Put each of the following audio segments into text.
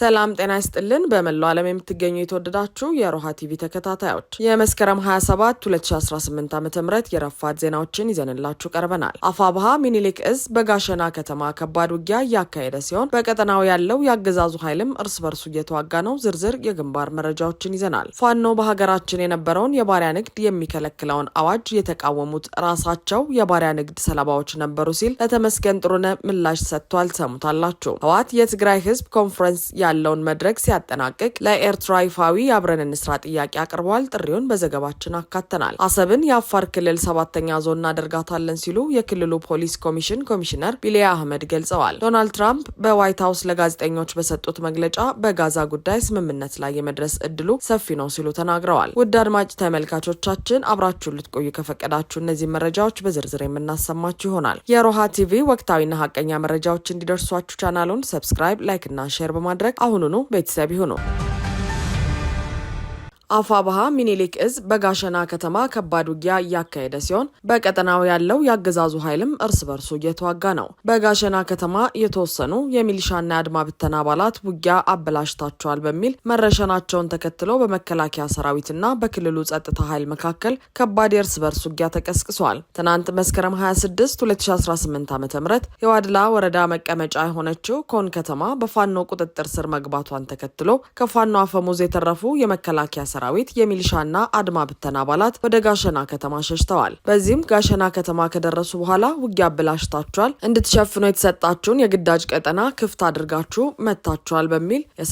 ሰላም ጤና ይስጥልን። በመላው ዓለም የምትገኙ የተወደዳችሁ የሮሃ ቲቪ ተከታታዮች የመስከረም 27 2018 ዓ ም የረፋድ ዜናዎችን ይዘንላችሁ ቀርበናል። አፋብሃ ሚኒሊክ እዝ በጋሸና ከተማ ከባድ ውጊያ እያካሄደ ሲሆን በቀጠናው ያለው የአገዛዙ ኃይልም እርስ በርሱ እየተዋጋ ነው። ዝርዝር የግንባር መረጃዎችን ይዘናል። ፋኖ በሀገራችን የነበረውን የባሪያ ንግድ የሚከለክለውን አዋጅ የተቃወሙት ራሳቸው የባሪያ ንግድ ሰለባዎች ነበሩ ሲል ለተመስገን ጥሩነ ምላሽ ሰጥቷል። ሰሙታላችሁ። ህወሓት የትግራይ ህዝብ ኮንፈረንስ ያለውን መድረክ ሲያጠናቅቅ ለኤርትራ ይፋዊ የአብረን እንስራ ጥያቄ አቅርበዋል። ጥሪውን በዘገባችን አካተናል። አሰብን የአፋር ክልል ሰባተኛ ዞን እናደርጋታለን ሲሉ የክልሉ ፖሊስ ኮሚሽን ኮሚሽነር ቢሊያ አህመድ ገልጸዋል። ዶናልድ ትራምፕ በዋይት ሀውስ ለጋዜጠኞች በሰጡት መግለጫ በጋዛ ጉዳይ ስምምነት ላይ የመድረስ እድሉ ሰፊ ነው ሲሉ ተናግረዋል። ውድ አድማጭ ተመልካቾቻችን አብራችሁን ልትቆዩ ከፈቀዳችሁ እነዚህ መረጃዎች በዝርዝር የምናሰማችሁ ይሆናል። የሮሃ ቲቪ ወቅታዊና ሀቀኛ መረጃዎች እንዲደርሷችሁ ቻናሉን ሰብስክራይብ፣ ላይክ እና ሼር በማድረግ አሁኑኑ ቤተሰብ ይሁኑ። አፋብሃ ሚኒሊክ እዝ በጋሸና ከተማ ከባድ ውጊያ እያካሄደ ሲሆን በቀጠናው ያለው የአገዛዙ ኃይልም እርስ በርሱ እየተዋጋ ነው። በጋሸና ከተማ የተወሰኑ የሚሊሻና የአድማ ብተና አባላት ውጊያ አበላሽታቸዋል በሚል መረሸናቸውን ተከትሎ በመከላከያ ሰራዊትና በክልሉ ጸጥታ ኃይል መካከል ከባድ የእርስ በርስ ውጊያ ተቀስቅሷል። ትናንት መስከረም 26 2018 ዓ ም የዋድላ ወረዳ መቀመጫ የሆነችው ኮን ከተማ በፋኖ ቁጥጥር ስር መግባቷን ተከትሎ ከፋኖ አፈሙዝ የተረፉ የመከላከያ ሰራዊት የሚሊሻና አድማ ብተና አባላት ወደ ጋሸና ከተማ ሸሽተዋል። በዚህም ጋሸና ከተማ ከደረሱ በኋላ ውጊያ አበላሽታችኋል፣ እንድትሸፍኑ የተሰጣችሁን የግዳጅ ቀጠና ክፍት አድርጋችሁ መታችኋል በሚል የ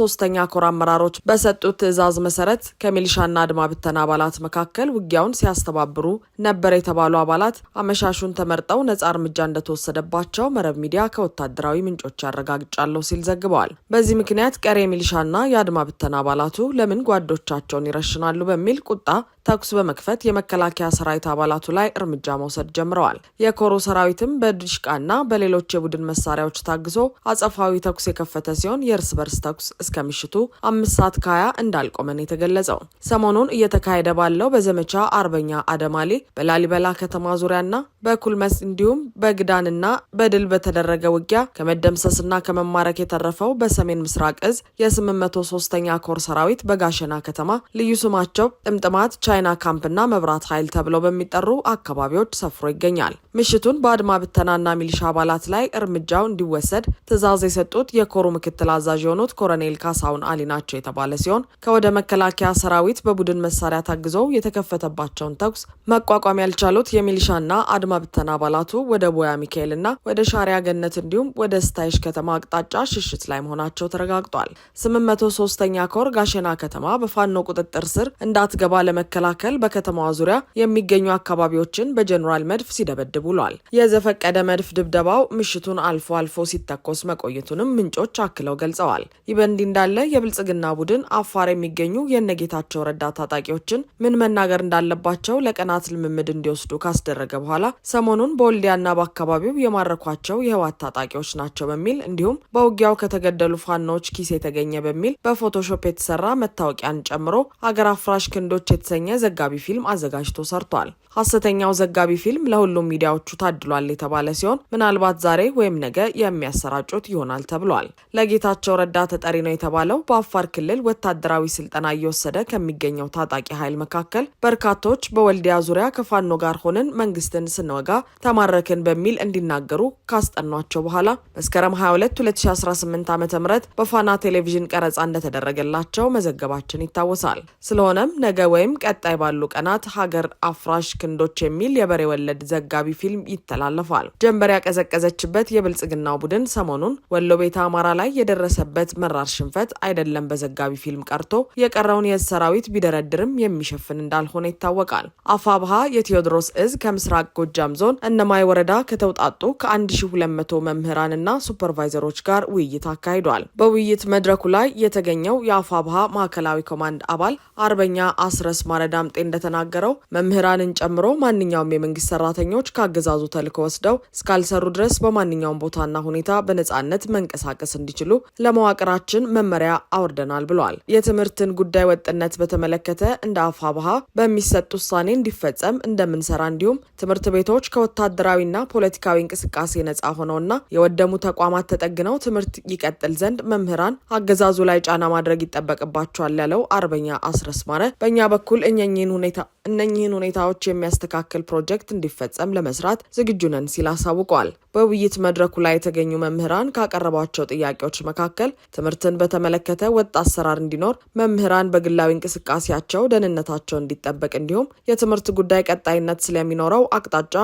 ሶስተኛ ኛ ኮር አመራሮች በሰጡት ትዕዛዝ መሰረት ከሚሊሻና አድማ ብተና አባላት መካከል ውጊያውን ሲያስተባብሩ ነበር የተባሉ አባላት አመሻሹን ተመርጠው ነጻ እርምጃ እንደተወሰደባቸው መረብ ሚዲያ ከወታደራዊ ምንጮች ያረጋግጫለሁ ሲል ዘግበዋል። በዚህ ምክንያት ቀሪ የሚሊሻና የአድማ ብተና አባላቱ ለምን ጓዶ ልጆቻቸውን ይረሽናሉ በሚል ቁጣ ተኩስ በመክፈት የመከላከያ ሰራዊት አባላቱ ላይ እርምጃ መውሰድ ጀምረዋል። የኮሮ ሰራዊትም በድሽቃና በሌሎች የቡድን መሳሪያዎች ታግዞ አጸፋዊ ተኩስ የከፈተ ሲሆን የእርስ በርስ ተኩስ እስከ ምሽቱ አምስት ሰዓት ከሀያ እንዳልቆመን የተገለጸው ሰሞኑን እየተካሄደ ባለው በዘመቻ አርበኛ አደማሌ በላሊበላ ከተማ ዙሪያና በኩልመስ እንዲሁም በግዳንና በድል በተደረገ ውጊያ ከመደምሰስና ከመማረክ የተረፈው በሰሜን ምስራቅ እዝ የ803ኛ ኮር ሰራዊት በጋሸና ከተማ ልዩ ስማቸው ጥምጥማት የቻይና ካምፕና መብራት ኃይል ተብለው በሚጠሩ አካባቢዎች ሰፍሮ ይገኛል። ምሽቱን በአድማ ብተናና ሚሊሻ አባላት ላይ እርምጃው እንዲወሰድ ትዕዛዝ የሰጡት የኮሩ ምክትል አዛዥ የሆኑት ኮረኔል ካሳሁን አሊ ናቸው የተባለ ሲሆን ከወደ መከላከያ ሰራዊት በቡድን መሳሪያ ታግዘው የተከፈተባቸውን ተኩስ መቋቋም ያልቻሉት የሚሊሻና አድማ ብተና አባላቱ ወደ ቦያ ሚካኤልና ወደ ሻሪያ ገነት እንዲሁም ወደ ስታይሽ ከተማ አቅጣጫ ሽሽት ላይ መሆናቸው ተረጋግጧል። ስምንት መቶ ሶስተኛ ኮር ጋሸና ከተማ በፋኖ ቁጥጥር ስር እንዳትገባ ለመከላ ለመከላከል በከተማዋ ዙሪያ የሚገኙ አካባቢዎችን በጀኔራል መድፍ ሲደበድብ ውሏል። የዘፈቀደ መድፍ ድብደባው ምሽቱን አልፎ አልፎ ሲተኮስ መቆየቱንም ምንጮች አክለው ገልጸዋል። ይህ በእንዲህ እንዳለ የብልጽግና ቡድን አፋር የሚገኙ የነጌታቸው ረዳ ታጣቂዎችን ምን መናገር እንዳለባቸው ለቀናት ልምምድ እንዲወስዱ ካስደረገ በኋላ ሰሞኑን በወልዲያና በአካባቢው የማረኳቸው የህወሓት ታጣቂዎች ናቸው በሚል እንዲሁም በውጊያው ከተገደሉ ፋኖዎች ኪስ የተገኘ በሚል በፎቶሾፕ የተሰራ መታወቂያን ጨምሮ አገር አፍራሽ ክንዶች የተሰኘ ዘጋቢ ፊልም አዘጋጅቶ ሰርቷል። ሀሰተኛው ዘጋቢ ፊልም ለሁሉም ሚዲያዎቹ ታድሏል የተባለ ሲሆን ምናልባት ዛሬ ወይም ነገ የሚያሰራጩት ይሆናል ተብሏል። ለጌታቸው ረዳ ተጠሪ ነው የተባለው በአፋር ክልል ወታደራዊ ስልጠና እየወሰደ ከሚገኘው ታጣቂ ኃይል መካከል በርካቶች በወልዲያ ዙሪያ ከፋኖ ጋር ሆነን መንግስትን ስንወጋ ተማረክን በሚል እንዲናገሩ ካስጠኗቸው በኋላ መስከረም 22 2018 ዓ ም በፋና ቴሌቪዥን ቀረጻ እንደተደረገላቸው መዘገባችን ይታወሳል። ስለሆነም ነገ ወይም ቀጥ ቀጣይ ባሉ ቀናት ሀገር አፍራሽ ክንዶች የሚል የበሬ ወለድ ዘጋቢ ፊልም ይተላለፋል። ጀንበር ያቀዘቀዘችበት የብልጽግናው ቡድን ሰሞኑን ወሎ ቤተ አማራ ላይ የደረሰበት መራር ሽንፈት አይደለም በዘጋቢ ፊልም ቀርቶ የቀረውን የዝ ሰራዊት ቢደረድርም የሚሸፍን እንዳልሆነ ይታወቃል። አፋብሃ የቴዎድሮስ እዝ ከምስራቅ ጎጃም ዞን እነማይ ወረዳ ከተውጣጡ ከ1200 መምህራንና ሱፐርቫይዘሮች ጋር ውይይት አካሂዷል። በውይይት መድረኩ ላይ የተገኘው የአፋብሃ ማዕከላዊ ኮማንድ አባል አርበኛ አስረስ ማረ ዳምጤ እንደተናገረው መምህራንን ጨምሮ ማንኛውም የመንግስት ሰራተኞች ከአገዛዙ ተልኮ ወስደው እስካልሰሩ ድረስ በማንኛውም ቦታና ሁኔታ በነጻነት መንቀሳቀስ እንዲችሉ ለመዋቅራችን መመሪያ አውርደናል ብሏል። የትምህርትን ጉዳይ ወጥነት በተመለከተ እንደ አፋብሃ በሚሰጥ ውሳኔ እንዲፈጸም እንደምንሰራ እንዲሁም ትምህርት ቤቶች ከወታደራዊና ፖለቲካዊ እንቅስቃሴ ነጻ ሆነውና የወደሙ ተቋማት ተጠግነው ትምህርት ይቀጥል ዘንድ መምህራን አገዛዙ ላይ ጫና ማድረግ ይጠበቅባቸዋል ያለው አርበኛ አስረስማረ በእኛ በኩል እኛ እነኚህን ሁኔታዎች የሚያስተካክል ፕሮጀክት እንዲፈጸም ለመስራት ዝግጁ ነን ሲል አሳውቋል። በውይይት መድረኩ ላይ የተገኙ መምህራን ካቀረቧቸው ጥያቄዎች መካከል ትምህርትን በተመለከተ ወጥ አሰራር እንዲኖር፣ መምህራን በግላዊ እንቅስቃሴያቸው ደህንነታቸው እንዲጠበቅ፣ እንዲሁም የትምህርት ጉዳይ ቀጣይነት ስለሚኖረው አቅጣጫ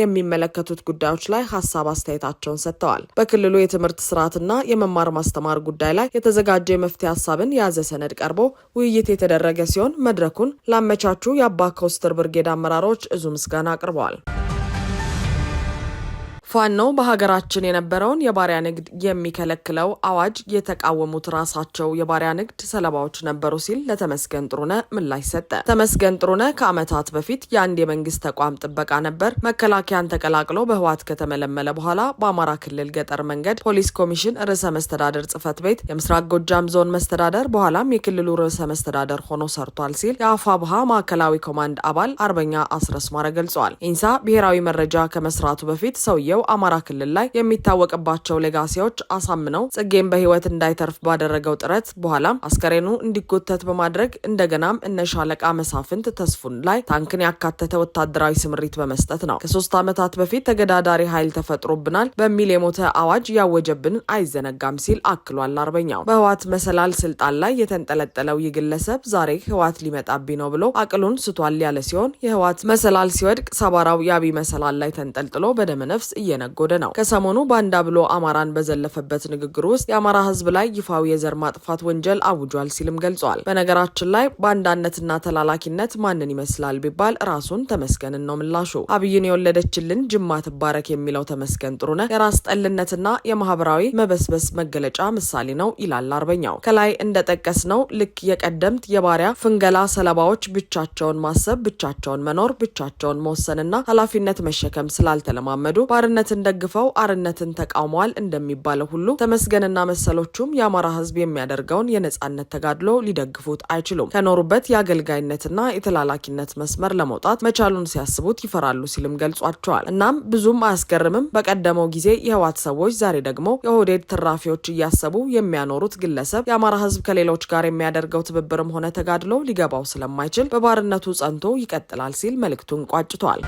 የሚመለከቱት ጉዳዮች ላይ ሀሳብ አስተያየታቸውን ሰጥተዋል። በክልሉ የትምህርት ስርዓትና የመማር ማስተማር ጉዳይ ላይ የተዘጋጀ የመፍትሄ ሀሳብን የያዘ ሰነድ ቀርቦ ውይይት የተደረገ ሲሆን መድረኩን ላመቻቹ የአባ ኮስተር ብርጌድ አመራሮች እዙ ምስጋና አቅርበዋል። ፋኖ በሀገራችን የነበረውን የባሪያ ንግድ የሚከለክለው አዋጅ የተቃወሙት ራሳቸው የባሪያ ንግድ ሰለባዎች ነበሩ ሲል ለተመስገን ጥሩነ ምላሽ ሰጠ። ተመስገን ጥሩነ ከዓመታት በፊት የአንድ የመንግስት ተቋም ጥበቃ ነበር። መከላከያን ተቀላቅሎ በህወሓት ከተመለመለ በኋላ በአማራ ክልል ገጠር መንገድ ፖሊስ ኮሚሽን ርዕሰ መስተዳደር ጽህፈት ቤት፣ የምስራቅ ጎጃም ዞን መስተዳደር በኋላም የክልሉ ርዕሰ መስተዳደር ሆኖ ሰርቷል ሲል የአፋ ብሃ ማዕከላዊ ኮማንድ አባል አርበኛ አስረስማረ ገልጿል። ኢንሳ ብሔራዊ መረጃ ከመስራቱ በፊት ሰውየው አማራ ክልል ላይ የሚታወቅባቸው ሌጋሲዎች አሳምነው ጽጌን በህይወት እንዳይተርፍ ባደረገው ጥረት በኋላም አስከሬኑ እንዲጎተት በማድረግ እንደገናም እነ ሻለቃ መሳፍንት ተስፉን ላይ ታንክን ያካተተ ወታደራዊ ስምሪት በመስጠት ነው። ከሶስት ዓመታት በፊት ተገዳዳሪ ኃይል ተፈጥሮብናል በሚል የሞተ አዋጅ ያወጀብን አይዘነጋም ሲል አክሏል። አርበኛው በህዋት መሰላል ስልጣን ላይ የተንጠለጠለው ይህ ግለሰብ ዛሬ ህዋት ሊመጣብኝ ነው ብሎ አቅሉን ስቷል ያለ ሲሆን የህዋት መሰላል ሲወድቅ ሰባራው የአቢ መሰላል ላይ ተንጠልጥሎ በደመነፍስ እየ እየነጎደ ነው። ከሰሞኑ ባንዳ ብሎ አማራን በዘለፈበት ንግግር ውስጥ የአማራ ህዝብ ላይ ይፋዊ የዘር ማጥፋት ወንጀል አውጇል ሲልም ገልጿል። በነገራችን ላይ ባንዳነትና ተላላኪነት ማንን ይመስላል ቢባል ራሱን ተመስገንን ነው ምላሹ። አብይን የወለደችልን ጅማ ትባረክ የሚለው ተመስገን ጥሩነህ የራስ ጠልነትና የማህበራዊ መበስበስ መገለጫ ምሳሌ ነው ይላል አርበኛው። ከላይ እንደጠቀስ ነው ልክ የቀደምት የባሪያ ፍንገላ ሰለባዎች ብቻቸውን ማሰብ፣ ብቻቸውን መኖር፣ ብቻቸውን መወሰንና ኃላፊነት መሸከም ስላልተለማመዱ ባርነት እምነትን ደግፈው አርነትን ተቃውመዋል እንደሚባለው ሁሉ ተመስገንና መሰሎቹም የአማራ ህዝብ የሚያደርገውን የነጻነት ተጋድሎ ሊደግፉት አይችሉም። ከኖሩበት የአገልጋይነትና የተላላኪነት መስመር ለመውጣት መቻሉን ሲያስቡት ይፈራሉ ሲልም ገልጿቸዋል። እናም ብዙም አያስገርምም። በቀደመው ጊዜ የህዋት ሰዎች፣ ዛሬ ደግሞ የኦህዴድ ተራፊዎች እያሰቡ የሚያኖሩት ግለሰብ የአማራ ህዝብ ከሌሎች ጋር የሚያደርገው ትብብርም ሆነ ተጋድሎ ሊገባው ስለማይችል በባርነቱ ጸንቶ ይቀጥላል ሲል መልእክቱን ቋጭቷል።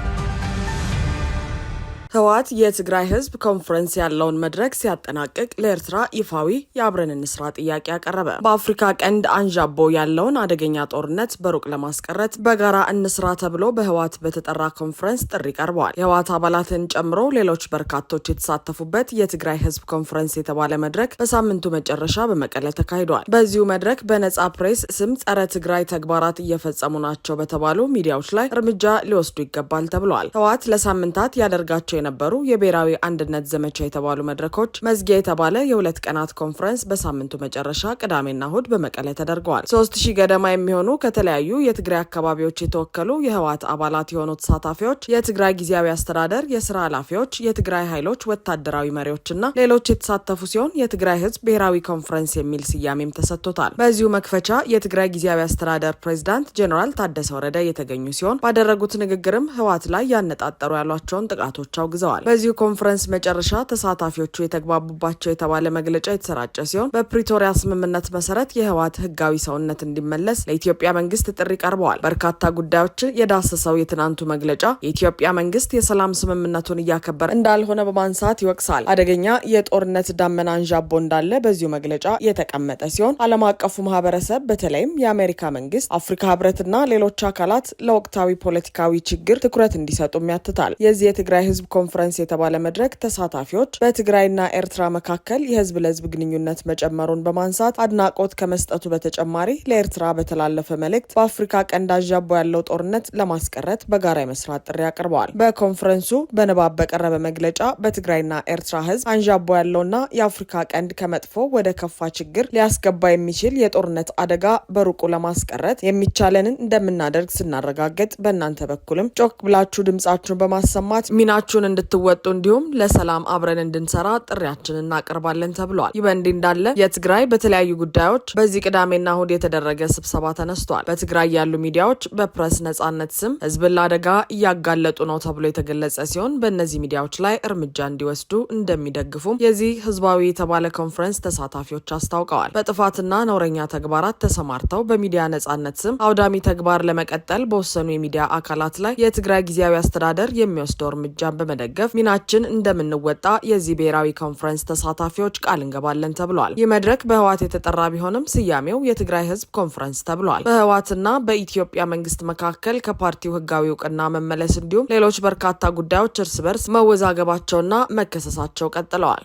ህወሓት የትግራይ ህዝብ ኮንፈረንስ ያለውን መድረክ ሲያጠናቅቅ ለኤርትራ ይፋዊ የአብረን እንስራ ጥያቄ አቀረበ። በአፍሪካ ቀንድ አንዣቦ ያለውን አደገኛ ጦርነት በሩቅ ለማስቀረት በጋራ እንስራ ተብሎ በህወሓት በተጠራ ኮንፈረንስ ጥሪ ቀርበዋል። የህወሓት አባላትን ጨምሮ ሌሎች በርካቶች የተሳተፉበት የትግራይ ህዝብ ኮንፈረንስ የተባለ መድረክ በሳምንቱ መጨረሻ በመቀለ ተካሂዷል። በዚሁ መድረክ በነጻ ፕሬስ ስም ጸረ ትግራይ ተግባራት እየፈጸሙ ናቸው በተባሉ ሚዲያዎች ላይ እርምጃ ሊወስዱ ይገባል ተብለዋል። ህወሓት ለሳምንታት ያደርጋቸው የነበሩ የብሔራዊ አንድነት ዘመቻ የተባሉ መድረኮች መዝጊያ የተባለ የሁለት ቀናት ኮንፈረንስ በሳምንቱ መጨረሻ ቅዳሜና እሁድ በመቀለ ተደርገዋል። ሶስት ሺህ ገደማ የሚሆኑ ከተለያዩ የትግራይ አካባቢዎች የተወከሉ የህወሓት አባላት የሆኑ ተሳታፊዎች የትግራይ ጊዜያዊ አስተዳደር የስራ ኃላፊዎች፣ የትግራይ ኃይሎች ወታደራዊ መሪዎችና ሌሎች የተሳተፉ ሲሆን የትግራይ ህዝብ ብሔራዊ ኮንፈረንስ የሚል ስያሜም ተሰጥቶታል። በዚሁ መክፈቻ የትግራይ ጊዜያዊ አስተዳደር ፕሬዚዳንት ጄኔራል ታደሰ ወረደ የተገኙ ሲሆን ባደረጉት ንግግርም ህወሓት ላይ ያነጣጠሩ ያሏቸውን ጥቃቶች አውግዘዋል። በዚሁ ኮንፈረንስ መጨረሻ ተሳታፊዎቹ የተግባቡባቸው የተባለ መግለጫ የተሰራጨ ሲሆን በፕሪቶሪያ ስምምነት መሰረት የህወሓት ህጋዊ ሰውነት እንዲመለስ ለኢትዮጵያ መንግስት ጥሪ ቀርበዋል። በርካታ ጉዳዮች የዳሰሰው የትናንቱ መግለጫ የኢትዮጵያ መንግስት የሰላም ስምምነቱን እያከበረ እንዳልሆነ በማንሳት ይወቅሳል። አደገኛ የጦርነት ዳመና አንዣቦ እንዳለ በዚሁ መግለጫ የተቀመጠ ሲሆን ዓለም አቀፉ ማህበረሰብ በተለይም የአሜሪካ መንግስት፣ አፍሪካ ህብረትና ሌሎች አካላት ለወቅታዊ ፖለቲካዊ ችግር ትኩረት እንዲሰጡም ያትታል። የዚህ የትግራይ ህዝብ ኮንፈረንስ የተባለ መድረክ ተሳታፊዎች በትግራይና ኤርትራ መካከል የህዝብ ለህዝብ ግንኙነት መጨመሩን በማንሳት አድናቆት ከመስጠቱ በተጨማሪ ለኤርትራ በተላለፈ መልእክት በአፍሪካ ቀንድ አዣቦ ያለው ጦርነት ለማስቀረት በጋራ የመስራት ጥሪ አቅርበዋል። በኮንፈረንሱ በንባብ በቀረበ መግለጫ በትግራይና ኤርትራ ህዝብ አንዣቦ ያለውና የአፍሪካ ቀንድ ከመጥፎ ወደ ከፋ ችግር ሊያስገባ የሚችል የጦርነት አደጋ በሩቁ ለማስቀረት የሚቻለንን እንደምናደርግ ስናረጋግጥ በእናንተ በኩልም ጮክ ብላችሁ ድምጻችሁን በማሰማት ሚናችሁን ድርሻችሁን እንድትወጡ እንዲሁም ለሰላም አብረን እንድንሰራ ጥሪያችን እናቀርባለን ተብሏል። ይህ በእንዲህ እንዳለ የትግራይ በተለያዩ ጉዳዮች በዚህ ቅዳሜና እሁድ የተደረገ ስብሰባ ተነስቷል። በትግራይ ያሉ ሚዲያዎች በፕረስ ነጻነት ስም ህዝብን ለአደጋ እያጋለጡ ነው ተብሎ የተገለጸ ሲሆን በእነዚህ ሚዲያዎች ላይ እርምጃ እንዲወስዱ እንደሚደግፉም የዚህ ህዝባዊ የተባለ ኮንፈረንስ ተሳታፊዎች አስታውቀዋል። በጥፋትና ነውረኛ ተግባራት ተሰማርተው በሚዲያ ነጻነት ስም አውዳሚ ተግባር ለመቀጠል በወሰኑ የሚዲያ አካላት ላይ የትግራይ ጊዜያዊ አስተዳደር የሚወስደው እርምጃን በመ በመደገፍ ሚናችን እንደምንወጣ የዚህ ብሔራዊ ኮንፈረንስ ተሳታፊዎች ቃል እንገባለን ተብሏል። ይህ መድረክ በህወሓት የተጠራ ቢሆንም ስያሜው የትግራይ ህዝብ ኮንፈረንስ ተብሏል። በህወሓትና በኢትዮጵያ መንግስት መካከል ከፓርቲው ህጋዊ እውቅና መመለስ እንዲሁም ሌሎች በርካታ ጉዳዮች እርስ በርስ መወዛገባቸውና መከሰሳቸው ቀጥለዋል።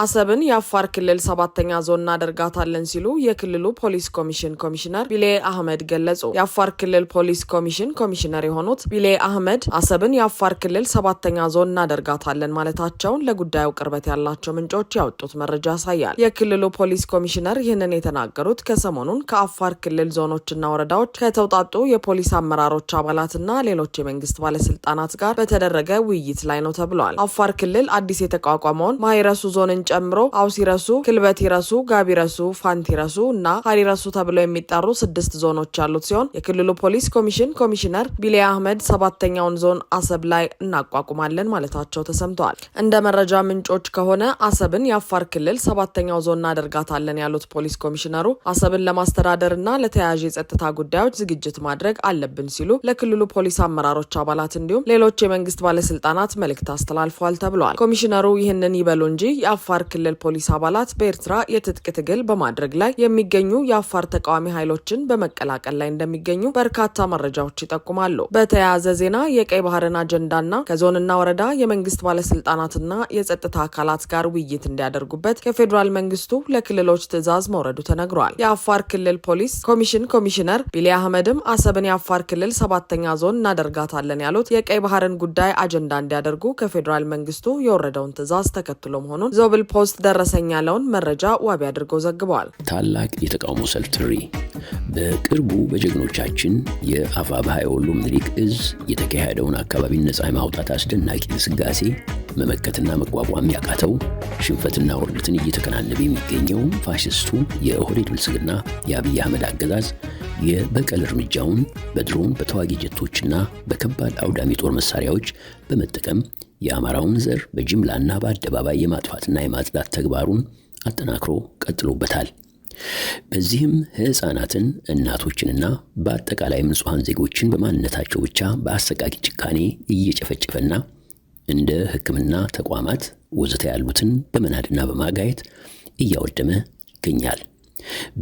አሰብን የአፋር ክልል ሰባተኛ ዞን እናደርጋታለን ሲሉ የክልሉ ፖሊስ ኮሚሽን ኮሚሽነር ቢሌ አህመድ ገለጹ። የአፋር ክልል ፖሊስ ኮሚሽን ኮሚሽነር የሆኑት ቢሌ አህመድ አሰብን የአፋር ክልል ሰባተኛ ዞን እናደርጋታለን ማለታቸውን ለጉዳዩ ቅርበት ያላቸው ምንጮች ያወጡት መረጃ ያሳያል። የክልሉ ፖሊስ ኮሚሽነር ይህንን የተናገሩት ከሰሞኑን ከአፋር ክልል ዞኖችና ወረዳዎች ከተውጣጡ የፖሊስ አመራሮች አባላትና ሌሎች የመንግስት ባለስልጣናት ጋር በተደረገ ውይይት ላይ ነው ተብሏል። አፋር ክልል አዲስ የተቋቋመውን ማይረሱ ዞንን ጨምሮ አውሲረሱ፣ ይረሱ፣ ጋቢረሱ፣ ይረሱ እና ረሱ ተብለው የሚጠሩ ስድስት ዞኖች ያሉት ሲሆን የክልሉ ፖሊስ ኮሚሽን ኮሚሽነር ቢሌ አህመድ ሰባተኛውን ዞን አሰብ ላይ እናቋቁማለን ማለታቸው ተሰምተዋል። እንደ መረጃ ምንጮች ከሆነ አሰብን የአፋር ክልል ሰባተኛው ዞን እናደርጋታለን ያሉት ፖሊስ ኮሚሽነሩ አሰብን ለማስተዳደር እና ለተያያዥ የጸጥታ ጉዳዮች ዝግጅት ማድረግ አለብን ሲሉ ለክልሉ ፖሊስ አመራሮች አባላት እንዲሁም ሌሎች የመንግስት ባለስልጣናት መልእክት አስተላልፈዋል ተብለዋል። ኮሚሽነሩ ይህንን ይበሉ እንጂ የአፋር የአፋር ክልል ፖሊስ አባላት በኤርትራ የትጥቅ ትግል በማድረግ ላይ የሚገኙ የአፋር ተቃዋሚ ኃይሎችን በመቀላቀል ላይ እንደሚገኙ በርካታ መረጃዎች ይጠቁማሉ። በተያያዘ ዜና የቀይ ባህርን አጀንዳና ከዞንና ወረዳ የመንግስት ባለስልጣናትና የጸጥታ አካላት ጋር ውይይት እንዲያደርጉበት ከፌዴራል መንግስቱ ለክልሎች ትዕዛዝ መውረዱ ተነግሯል። የአፋር ክልል ፖሊስ ኮሚሽን ኮሚሽነር ቢሊ አህመድም አሰብን የአፋር ክልል ሰባተኛ ዞን እናደርጋታለን ያሉት የቀይ ባህርን ጉዳይ አጀንዳ እንዲያደርጉ ከፌዴራል መንግስቱ የወረደውን ትዕዛዝ ተከትሎ መሆኑን ዞብል ብል ፖስት ደረሰኝ ያለውን መረጃ ዋቢ አድርገው ዘግበዋል። ታላቅ የተቃውሞ ሰልፍ ጥሪ በቅርቡ በጀግኖቻችን የአፋብኃ የወሎ ምኒልክ እዝ የተካሄደውን አካባቢን ነፃ የማውጣት አስደናቂ ግስጋሴ መመከትና መቋቋም ያቃተው ሽንፈትና ውርደትን እየተከናነበ የሚገኘው ፋሽስቱ የኦህዴድ ብልጽግና የአብይ አህመድ አገዛዝ የበቀል እርምጃውን በድሮን በተዋጊ ጀቶችና በከባድ አውዳሚ ጦር መሳሪያዎች በመጠቀም የአማራውን ዘር በጅምላና በአደባባይ የማጥፋትና የማጽዳት ተግባሩን አጠናክሮ ቀጥሎበታል። በዚህም ሕፃናትን እናቶችንና በአጠቃላይ ንጹሐን ዜጎችን በማንነታቸው ብቻ በአሰቃቂ ጭካኔ እየጨፈጨፈና እንደ ሕክምና ተቋማት ወዘተ ያሉትን በመናድና በማጋየት እያወደመ ይገኛል።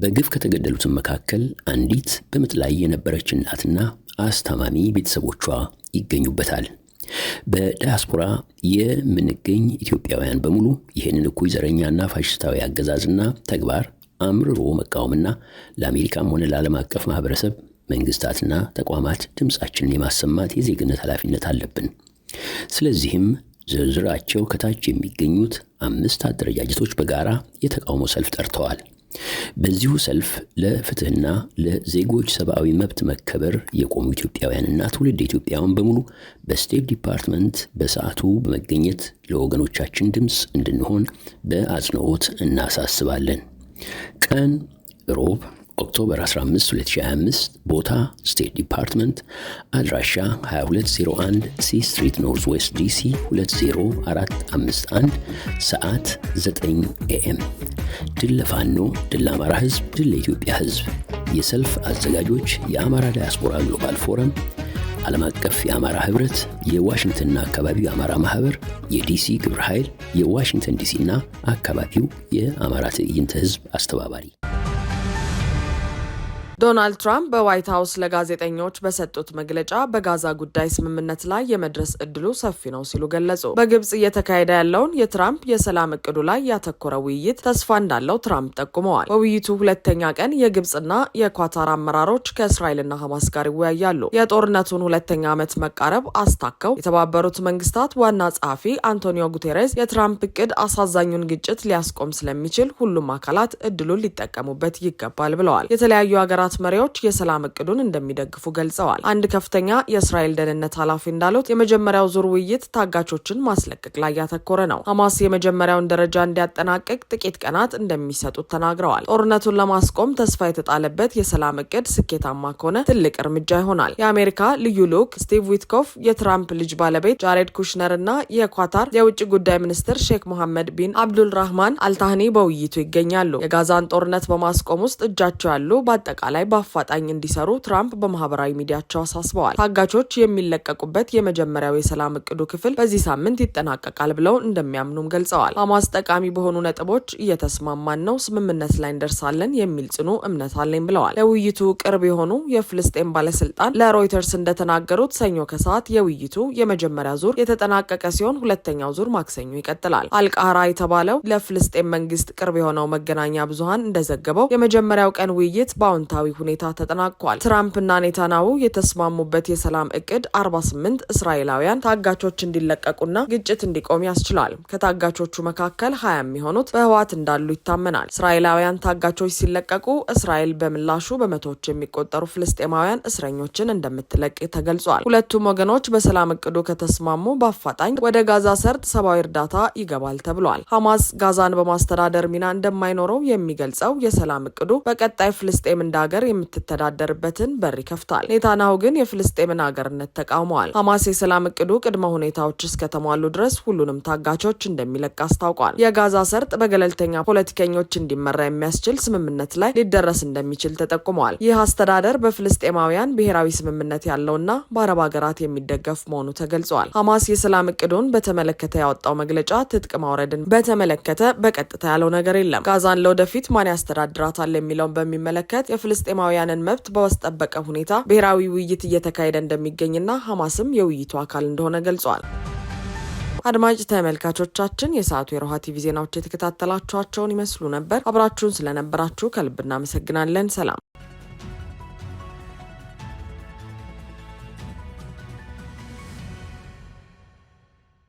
በግፍ ከተገደሉትን መካከል አንዲት በምጥ ላይ የነበረች እናትና አስታማሚ ቤተሰቦቿ ይገኙበታል። በዳያስፖራ የምንገኝ ኢትዮጵያውያን በሙሉ ይህንን እኩይ ዘረኛና ፋሽስታዊ አገዛዝና ተግባር አምርሮ መቃወምና ለአሜሪካም ሆነ ለዓለም አቀፍ ማህበረሰብ መንግስታትና ተቋማት ድምፃችንን የማሰማት የዜግነት ኃላፊነት አለብን። ስለዚህም ዝርዝራቸው ከታች የሚገኙት አምስት አደረጃጀቶች በጋራ የተቃውሞ ሰልፍ ጠርተዋል። በዚሁ ሰልፍ ለፍትህና ለዜጎች ሰብአዊ መብት መከበር የቆሙ ኢትዮጵያውያንና ትውልድ ኢትዮጵያውያን በሙሉ በስቴት ዲፓርትመንት በሰዓቱ በመገኘት ለወገኖቻችን ድምፅ እንድንሆን በአጽንኦት እናሳስባለን። ቀን ሮብ ኦክቶበር 15 2025፣ ቦታ ስቴት ዲፓርትመንት፣ አድራሻ 2201 ሲ ስትሪት ኖርዝ ዌስት ዲሲ 20451፣ ሰዓት 9 ኤኤም ድል ለፋኖ፣ ድል ለአማራ ህዝብ፣ ድል ለኢትዮጵያ ህዝብ። የሰልፍ አዘጋጆች የአማራ ዳያስፖራ ግሎባል ፎረም፣ ዓለም አቀፍ የአማራ ህብረት፣ የዋሽንግተንና አካባቢው የአማራ ማህበር፣ የዲሲ ግብረ ኃይል፣ የዋሽንግተን ዲሲና አካባቢው የአማራ ትዕይንተ ህዝብ አስተባባሪ ዶናልድ ትራምፕ በዋይት ሀውስ ለጋዜጠኞች በሰጡት መግለጫ በጋዛ ጉዳይ ስምምነት ላይ የመድረስ እድሉ ሰፊ ነው ሲሉ ገለጹ። በግብጽ እየተካሄደ ያለውን የትራምፕ የሰላም እቅዱ ላይ ያተኮረ ውይይት ተስፋ እንዳለው ትራምፕ ጠቁመዋል። በውይይቱ ሁለተኛ ቀን የግብጽና የኳታር አመራሮች ከእስራኤልና ሐማስ ጋር ይወያያሉ። የጦርነቱን ሁለተኛ ዓመት መቃረብ አስታከው የተባበሩት መንግስታት ዋና ጸሐፊ አንቶኒዮ ጉቴሬስ የትራምፕ እቅድ አሳዛኙን ግጭት ሊያስቆም ስለሚችል ሁሉም አካላት እድሉን ሊጠቀሙበት ይገባል ብለዋል። የተለያዩ ሀገራት የሀገራት መሪዎች የሰላም እቅዱን እንደሚደግፉ ገልጸዋል። አንድ ከፍተኛ የእስራኤል ደህንነት ኃላፊ እንዳሉት የመጀመሪያው ዙር ውይይት ታጋቾችን ማስለቀቅ ላይ ያተኮረ ነው። ሐማስ የመጀመሪያውን ደረጃ እንዲያጠናቅቅ ጥቂት ቀናት እንደሚሰጡት ተናግረዋል። ጦርነቱን ለማስቆም ተስፋ የተጣለበት የሰላም እቅድ ስኬታማ ከሆነ ትልቅ እርምጃ ይሆናል። የአሜሪካ ልዩ ልዑክ ስቲቭ ዊትኮፍ፣ የትራምፕ ልጅ ባለቤት ጃሬድ ኩሽነር እና የኳታር የውጭ ጉዳይ ሚኒስትር ሼክ መሐመድ ቢን አብዱልራህማን አልታህኒ በውይይቱ ይገኛሉ። የጋዛን ጦርነት በማስቆም ውስጥ እጃቸው ያሉ በአጠቃላይ ላይ በአፋጣኝ እንዲሰሩ ትራምፕ በማህበራዊ ሚዲያቸው አሳስበዋል። ታጋቾች የሚለቀቁበት የመጀመሪያው የሰላም እቅዱ ክፍል በዚህ ሳምንት ይጠናቀቃል ብለው እንደሚያምኑም ገልጸዋል። ሐማስ ጠቃሚ በሆኑ ነጥቦች እየተስማማን ነው፣ ስምምነት ላይ እንደርሳለን የሚል ጽኑ እምነት አለኝ ብለዋል። ለውይይቱ ቅርብ የሆኑ የፍልስጤን ባለስልጣን ለሮይተርስ እንደተናገሩት ሰኞ ከሰዓት የውይይቱ የመጀመሪያ ዙር የተጠናቀቀ ሲሆን ሁለተኛው ዙር ማክሰኞ ይቀጥላል። አልቃራ የተባለው ለፍልስጤን መንግስት ቅርብ የሆነው መገናኛ ብዙሀን እንደዘገበው የመጀመሪያው ቀን ውይይት በአዎንታዊ በሰላማዊ ሁኔታ ተጠናቋል። ትራምፕና ኔታናሁ የተስማሙበት የሰላም እቅድ 48 እስራኤላውያን ታጋቾች እንዲለቀቁና ግጭት እንዲቆም ያስችላል። ከታጋቾቹ መካከል ሀያ የሚሆኑት በህዋት እንዳሉ ይታመናል። እስራኤላውያን ታጋቾች ሲለቀቁ እስራኤል በምላሹ በመቶዎች የሚቆጠሩ ፍልስጤማውያን እስረኞችን እንደምትለቅ ተገልጿል። ሁለቱም ወገኖች በሰላም እቅዱ ከተስማሙ በአፋጣኝ ወደ ጋዛ ሰርጥ ሰብአዊ እርዳታ ይገባል ተብሏል። ሐማስ ጋዛን በማስተዳደር ሚና እንደማይኖረው የሚገልጸው የሰላም እቅዱ በቀጣይ ፍልስጤም እንዳገ ሀገር የምትተዳደርበትን በር ይከፍታል። ኔታናሁ ግን የፍልስጤምን ሀገርነት ተቃውመዋል። ሐማስ የሰላም እቅዱ ቅድመ ሁኔታዎች እስከተሟሉ ድረስ ሁሉንም ታጋቾች እንደሚለቅ አስታውቋል። የጋዛ ሰርጥ በገለልተኛ ፖለቲከኞች እንዲመራ የሚያስችል ስምምነት ላይ ሊደረስ እንደሚችል ተጠቁመዋል። ይህ አስተዳደር በፍልስጤማውያን ብሔራዊ ስምምነት ያለውና በአረብ ሀገራት የሚደገፍ መሆኑ ተገልጿል። ሐማስ የሰላም እቅዱን በተመለከተ ያወጣው መግለጫ ትጥቅ ማውረድን በተመለከተ በቀጥታ ያለው ነገር የለም። ጋዛን ለወደፊት ማን ያስተዳድራታል የሚለውን በሚመለከት የፍልስ የፍልስጤማውያንን መብት በወስጠበቀ ሁኔታ ብሔራዊ ውይይት እየተካሄደ እንደሚገኝና ሐማስም የውይይቱ አካል እንደሆነ ገልጿል። አድማጭ ተመልካቾቻችን የሰዓቱ የሮሃ ቲቪ ዜናዎች የተከታተላችኋቸውን ይመስሉ ነበር። አብራችሁን ስለነበራችሁ ከልብ እናመሰግናለን። ሰላም